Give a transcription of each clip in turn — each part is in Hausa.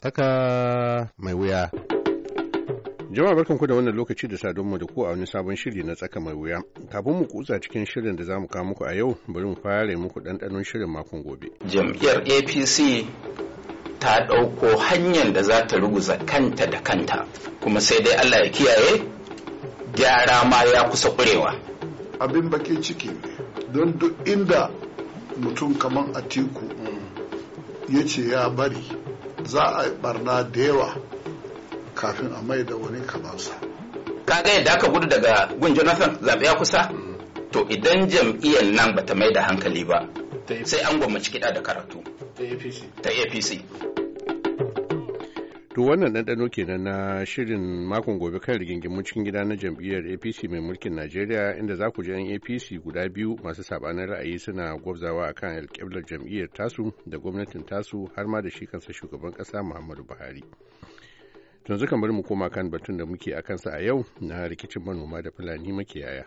Tsaka mai wuya. Jama'a barkanku da wannan lokaci da sadonmu da ku a wani sabon shiri na tsaka mai wuya. Kafin mu kutsa cikin shirin da za mu kawo muku a yau, bari mu fara muku ɗanɗanon shirin makon gobe. Jam'iyyar APC ta ɗauko hanyar da za ta ruguza kanta da kanta, kuma sai dai Allah ya kiyaye gyara ma ya kusa ƙurewa. Abin baki ciki don duk inda mutum kamar Atiku ya ce ya bari za a barna da yawa kafin a mai da wani kamansa kaga yadda aka gudu daga gun jonathan zaɓe ya kusa mm. to idan jam'iyyar nan bata mai da hankali ba sai an gwamnati kiɗa da karatu ta apc To wannan ɗanɗano kenan na shirin makon gobe kan rigingimu cikin gida na jam'iyyar APC mai mulkin Najeriya inda za ku ji 'yan APC guda biyu masu sabanin ra'ayi suna gwabzawa a kan alƙiblar jam'iyyar tasu da gwamnatin tasu har ma da shi kansa shugaban ƙasa Muhammadu Buhari. Yanzu kan bari mu koma kan batun da muke a kansa a yau na rikicin manoma da Fulani makiyaya.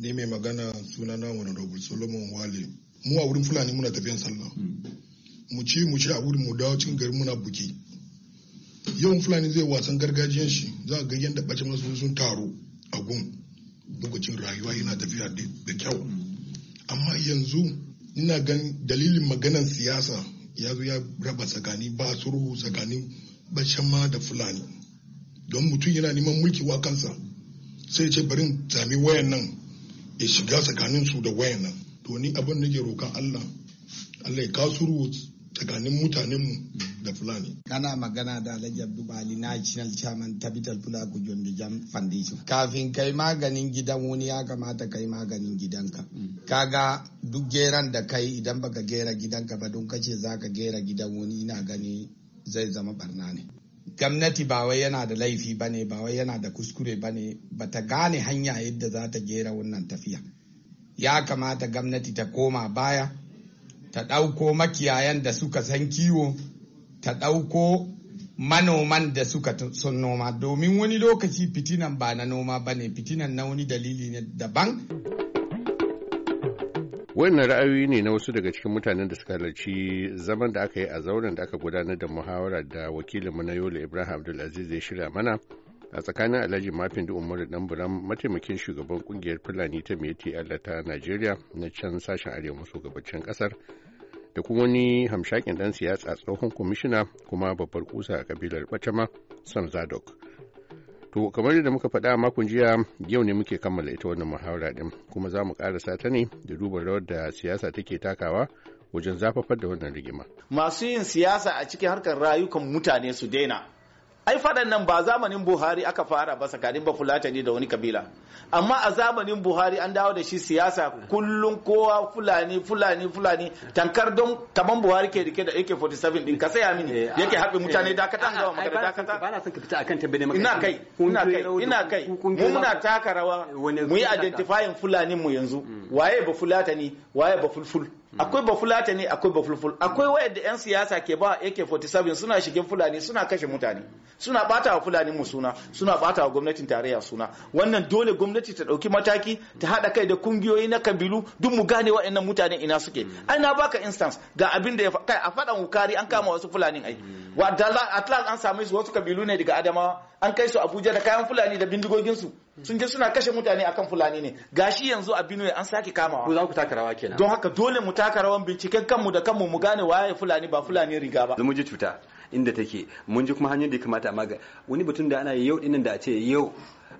Ni mai magana suna na wani Robert Solomon Wale. Mu a wurin Fulani muna tafiyan sallah. Hmm. Mu ci mu ci a wurin mu dawo cikin gari muna buki. yawan fulani zai wasan gargajiyan shi za ga yadda ɓace masu sun taru a gun lokacin rayuwa yana tafiya da kyau amma yanzu ina gan dalilin maganan siyasa ya zo ya raba tsakani ba sulhu tsakanin bashama da fulani don mutum yana neman mulki wa kansa sai ce bari sami wayan nan ya shiga tsakanin su da wayan nan to ni abin da ke roƙa Allah Allah ya kasuru tsakanin mutanenmu da fulani. kana magana da alhaji abdubali national chairman capital fula gujon da jam foundation kafin kai maganin gidan wani ya kamata kai maganin gidanka ga duk geran da kai idan baka gera gidanka ba don kace ka gera gidan wani ina gani zai zama barna ne gwamnati ba wai yana da laifi ba ne ba wai yana da kuskure ba ne ba ta gane hanya yadda za ta gera wannan tafiya ya kamata gwamnati ta koma baya ta ɗauko makiyayan da suka san kiwo ta ɗauko manoman da suka son noma domin wani lokaci fitinan ba na noma ba ne fitinan na wani dalili ne daban. wannan ra'ayoyi ne na wasu daga cikin mutanen da suka halarci zaman da aka yi a zauren da aka gudanar da muhawara da wakilinmu na yola ibrahim abdulaziz ya shirya mana a tsakanin alhaji mafin da umaru dan mataimakin shugaban kungiyar fulani ta meti allah ta najeriya na can sashen arewa maso gabacin kasar da kuma wani hamshakin dan siyasa tsohon kwamishina kuma babbar kusa a kabilar bacama sam zadok to kamar yadda muka faɗa a makon jiya yau ne muke kammala ita wannan muhawara din kuma za mu ƙarasa ta ne da duba rawar da siyasa take takawa wajen zafafar da wannan rigima masu yin siyasa a cikin harkar rayukan mutane su daina ai faɗan nan ba zamanin buhari aka fara ba tsakanin bafulatani da wani kabila amma a zamanin buhari an dawo da shi siyasa kullum kowa fulani fulani fulani tankar don kaman buhari ke rike da ak-47 din ka saya mini eh, yake ah, haɓe mutane eh. dakata gawa magana dakata ba na son ka fita akan kan maka ina kai ina kai ina kai mu muna taka rawa eh, mu yi identifying fulani mu yanzu mm. waye ba fulatani waye ba fulful mm. akwai ba fulatani akwai ba fulful akwai wayar da yan siyasa ke ba ak-47 suna shige fulani suna kashe mutane suna bata wa fulani mu suna suna bata wa gwamnatin tarayya suna wannan dole gwamnati ta dauki mataki ta haɗa kai da kungiyoyi na kabilu duk mu gane waɗannan mutanen ina suke mm. ai baka instance ga abin da ya kai a fadan wukari an kama wasu fulani ai mm. wa atlas an same wasu kabilu ne daga adamawa an kai su abuja da kayan fulani da bindigoginsu su mm. sun je suna kashe mutane akan fulani ne gashi yanzu a Benue an sake kamawa ku za ku taka rawa kenan don haka dole mu taka rawan binciken kanmu da kanmu mu gane waye fulani ba fulani riga ba mu ji cuta inda take mun ji kuma hanyar da ya kamata amma wani batun da ana yau dinnan da a ce yau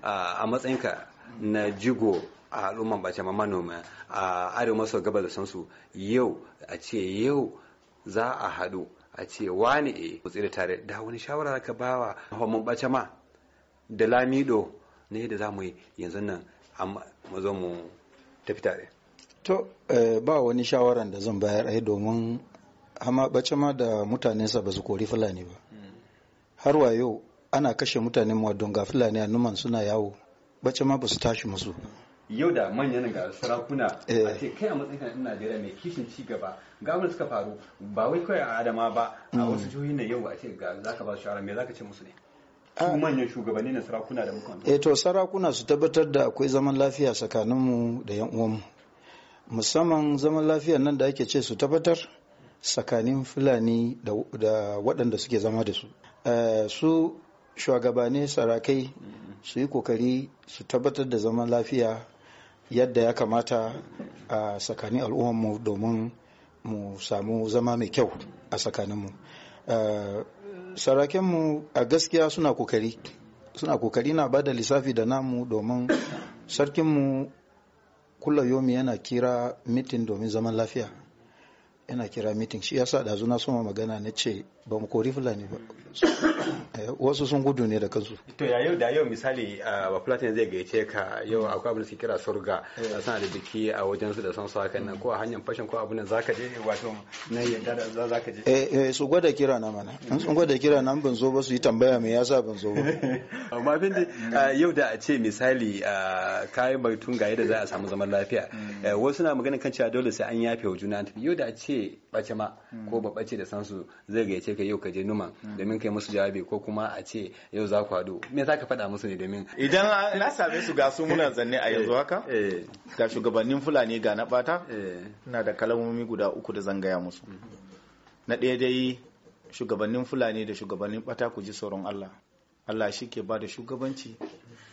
a matsayinka na jigo a al'umman bace ma manoma a arewa maso gabas da sansu yau a ce yau za a haɗu a ce wani e eh, ku tsira tare da wani shawara ka bawa homon bace ma da lamido ne da za mu yi yanzu nan mu zo mu tafi tare to eh, ba wani shawaran da zan bayar ai domin hama bace ma da mutanensa ba su kori fulani ba hmm. har wa yau ana kashe mutanen mu don ga fulani a numan suna yawo bace ma ba su tashi musu yau da manyan ga sarakuna eh. a ce kai a matsayin kan Najeriya mai kishin ci gaba ga abin suka faru ba wai kawai a Adama ba a mm. wasu jihohi na yau a ce ga ka ba su shawara me ka ce musu ne su ah. manyan shugabanni na sarakuna da mukan eh to sarakuna su tabbatar da akwai zaman lafiya tsakaninmu da yan uwanmu musamman zaman lafiya nan da ake ce su tabbatar tsakanin fulani da waɗanda suke zama da su eh, su shugabanni sarakai mm. su yi kokari su tabbatar da zaman lafiya yadda ya kamata a tsakanin al'ummarmu domin mu samu zama mai kyau a tsakaninmu eh, sarakenmu a gaskiya suna kokari suna kokari na ba lissafi da namu domin sarkinmu kula yomi yana kira mitin domin zaman lafiya yana kira mitin shi yasa ɗazu na soma magana na ce ba mu kori fulani ba eh, wasu sun gudu ne da kansu to ya yau da yau misali ba fulani zai gaice ka yau akwai abin da suke kira surga eh. suna da biki a wajen su da san su hakan nan ko a hanyar fashin ko abin da za ka je wato na yadda da za ka je eh, eh su gwada kira na mana in sun gwada kira na ban zo ba su yi tambaya me yasa ban zo ba amma abin da yau da a ce misali kayan batun ga yadda za a samu zaman lafiya hmm. wasu na magana kan cewa dole sai an yafe wa juna yau da a ce bace ma ko hmm. ba bace da san su zai gaice ka yau ka je numan domin kai musu jawabi ko kuma a ce yau za ku haɗu me za ka faɗa musu ne domin idan na same su ga su muna zanne a yanzu eh, haka eh. ga shugabannin fulani ga na bata eh. ina da kalamomi guda uku da zan gaya musu na ɗaya dai shugabannin fulani da shugabannin bata ku ji tsoron Allah Allah shi ke ba da shugabanci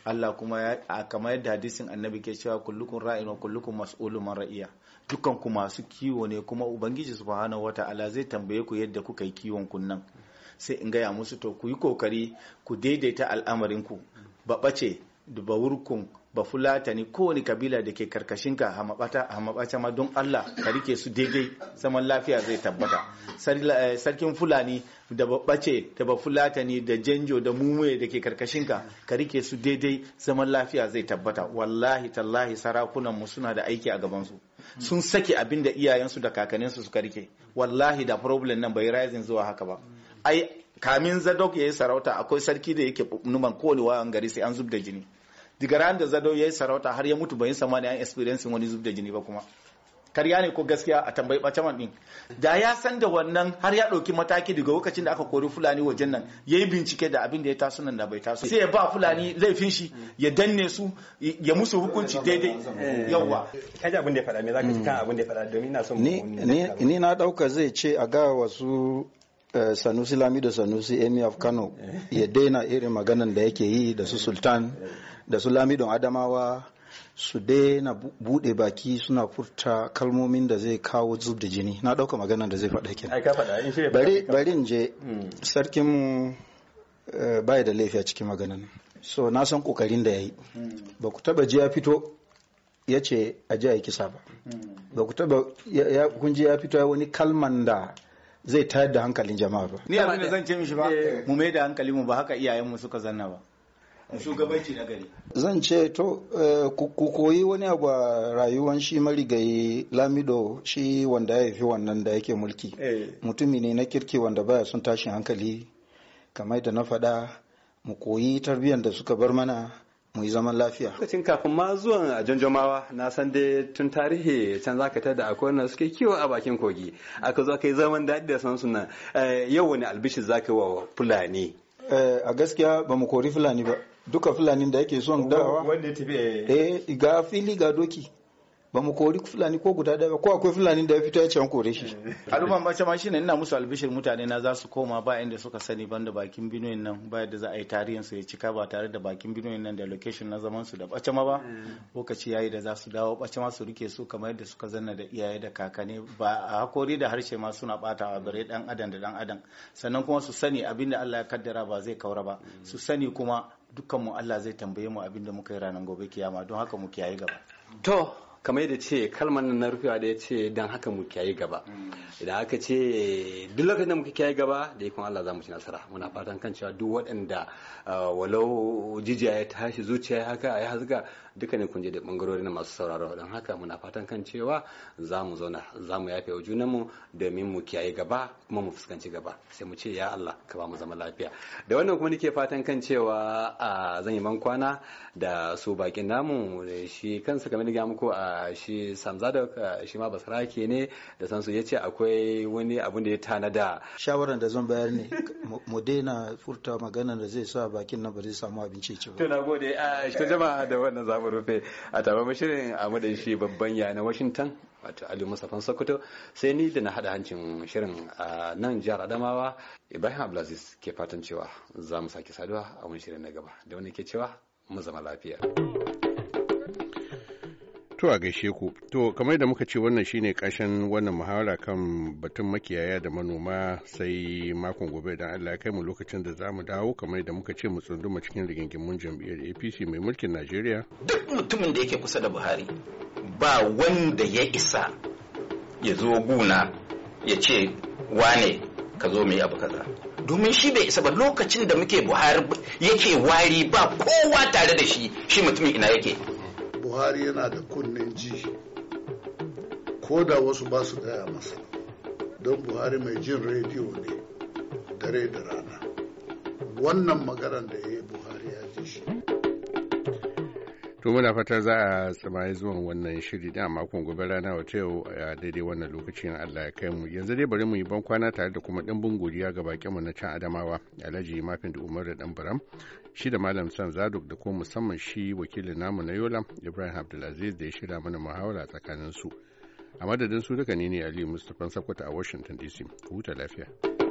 Allah kuma kamar yadda hadisin annabi ke cewa kullukun ra'in wa kullukun mas'ulun man ra'iya dukkan ku masu kiwo ne kuma ubangiji subhanahu wata'ala zai tambaye ku yadda kuka yi kiwon kunnan sai in gaya musu to ku yi kokari ku daidaita al'amarin ku ba bace da wurkun ba fulatani kowane kabila da ke karkashinka mabata ma don Allah ka rike su daidai zaman lafiya zai tabbata eh, sarkin fulani da babbace da ba fulatani da janjo da mumuye da ke karkashinka ka rike su daidai zaman lafiya zai tabbata wallahi tallahi sarakunan mu suna da aiki a gabansu sun saki abin da iyayensu da kakanninsu suka rike wallahi da problem nan bai rising zuwa haka ba ai kamin zadok ya yi sarauta akwai sarki da yake numan kowane wayan gari sai an zub da jini diga ran da zado yi sarauta har ya mutu bayan samani an experience wani zub da jini ba kuma karya ne ko gaskiya a tambayi man din da ya san da wannan har ya ɗauki mataki daga lokacin da aka kori fulani wajen nan ya yi bincike da abin da ya taso nan da bai taso sai ya ba fulani laifin shi ya danne su ya musu hukunci daidai yawwa kaji abin da ya faɗa me zaka ci kan abin da ya faɗa domin na son ni na ɗauka zai ce a ga wasu Eh, sanusi lami da sanusi emi of kano eh. ya daina irin maganan da yake yi da su sultan da su lami adamawa su daina bude baki suna furta kalmomin da zai kawo zub da jini na dauka maganan da zai faɗa ke bari in je hmm. sarkin mu eh, da laifi a cikin maganan so na san kokarin da ya yi. Hmm. ba ku taba ji ya fito ya ce a ji a yi kisa ba hmm. ba ku taba kun ji ya fito ya wani kalman da zai tayar da hankalin jama'a ba ni abin da zan ce mishi ba eh. mu mai da hankali mu ba haka iyayen mu suka zanna ba shugabanci na gari zan ce to eh, ku koyi wani abu a rayuwan shi marigayi lamido shi wanda ya haifi wannan da yake mulki eh. mutumi ne na kirki wanda baya son tashin hankali kamar da na faɗa mu koyi tarbiyyar da suka bar mana mu yi zaman lafiya. Lokacin kafin ma zuwan a janjomawa na san dai tun tarihi can za ka tada a wanda suke kiwo a bakin kogi aka zo aka yi zaman daɗi da san suna eh, yau wani albishi za ka yi wa fulani. Eh, a gaskiya ba mu kori fulani ba duka fulanin da yake son dawa. Wanda ya tafi. Eh, eh ga fili ga doki. ba mu kori fulani ko guda daya ba ko akwai fulani da ya fito ya ce an kore shi al'umma ba ce ma shine ina musu albishir mutane na za su koma ba inda suka sani banda bakin binuyin nan ba yadda za a yi tarihin su ya cika ba tare da bakin binuyin nan da location na zaman su da bace ma ba mm. lokaci yayi da za su dawo bace ma su rike su kamar yadda suka zanna da iyaye da kakanni ba a hakori da harshe ma suna bata a bare dan adam da dan adam sannan kuma su sani abinda Allah ya kaddara ba zai kaura ba mm. su sani kuma dukkanmu Allah zai tambaye mu abinda muka yi ranar gobe kiyama don haka mu kiyaye gaba to kamar yadda ce kalmar na rufewa da ya ce don haka mu kiyaye gaba idan aka ce duk lokacin da muka kiyaye gaba da ikon Allah za mu ci nasara muna fatan kan cewa duk waɗanda ah, walau jijiya ya tashi zuciya ya haka ya duka ne kunje da bangarori na masu sauraro don haka muna fatan kan cewa za mu zauna za mu yafe wa junanmu domin mu kiyaye gaba kuma mu fuskanci gaba sai mu ce ya Allah ka ba mu zama lafiya da wannan kuma nake fatan kan cewa ah, zan yi man kwana da su bakin namu shi kansa kamar da muku a ah, shi samzadok eh, shi ma basarake ne da sansu ya ce akwai wani abin da ya tanada shawaran da zan bayar ne mu daina furta magana da zai sa bakin nan ba zai samu abinci ci ba to gode a ta jama'a da wannan zamu rufe a taba mashirin a madan shi babban ya na Washington wato Ali Musafan Sokoto sai ni da na hada hancin shirin a nan jihar Adamawa Ibrahim Abdulaziz ke fatan cewa za mu sake saduwa a wani shirin na gaba da wani ke cewa mu zama lafiya. To a gaishe ku. To kamar da muka ce wannan shine kashin wannan muhawara kan batun makiyaya da manoma sai makon gobe idan Allah ya kai mu lokacin da za mu dawo kamar da muka ce mu tsunduma cikin rigingimun jam'iyyar APC mai mulkin Najeriya. Duk mutumin da yake kusa da Buhari ba wanda ya isa ya zo guna ya ce wane ka zo mu abu kaza. domin shi bai isa ba lokacin da muke buhari yake wari ba kowa tare da shi shi mutumin ina yake buhari yana da kunnen ji ko da wasu ba su gaya masa don buhari mai jin rediyo ne dare da rana wannan maganar da ya yi buhari ya ji shi To muna fata za a tsamaye zuwan wannan shiri da makon gobe rana wata yau a daidai wannan lokacin Allah ya kai mu. Yanzu dai bari mu yi bankwana tare da kuma ɗimbin godiya ga bakin mu na can Adamawa, Alhaji Mafin da Umar da Ɗanbaram, shi da Malam San Zaduk da kuma musamman shi wakilin namu na Yola, Ibrahim Abdulaziz da ya shirya mana muhawara tsakanin su. A madadin su duka ne ne Aliyu Mustapha Sakwata a Washington DC. huta lafiya.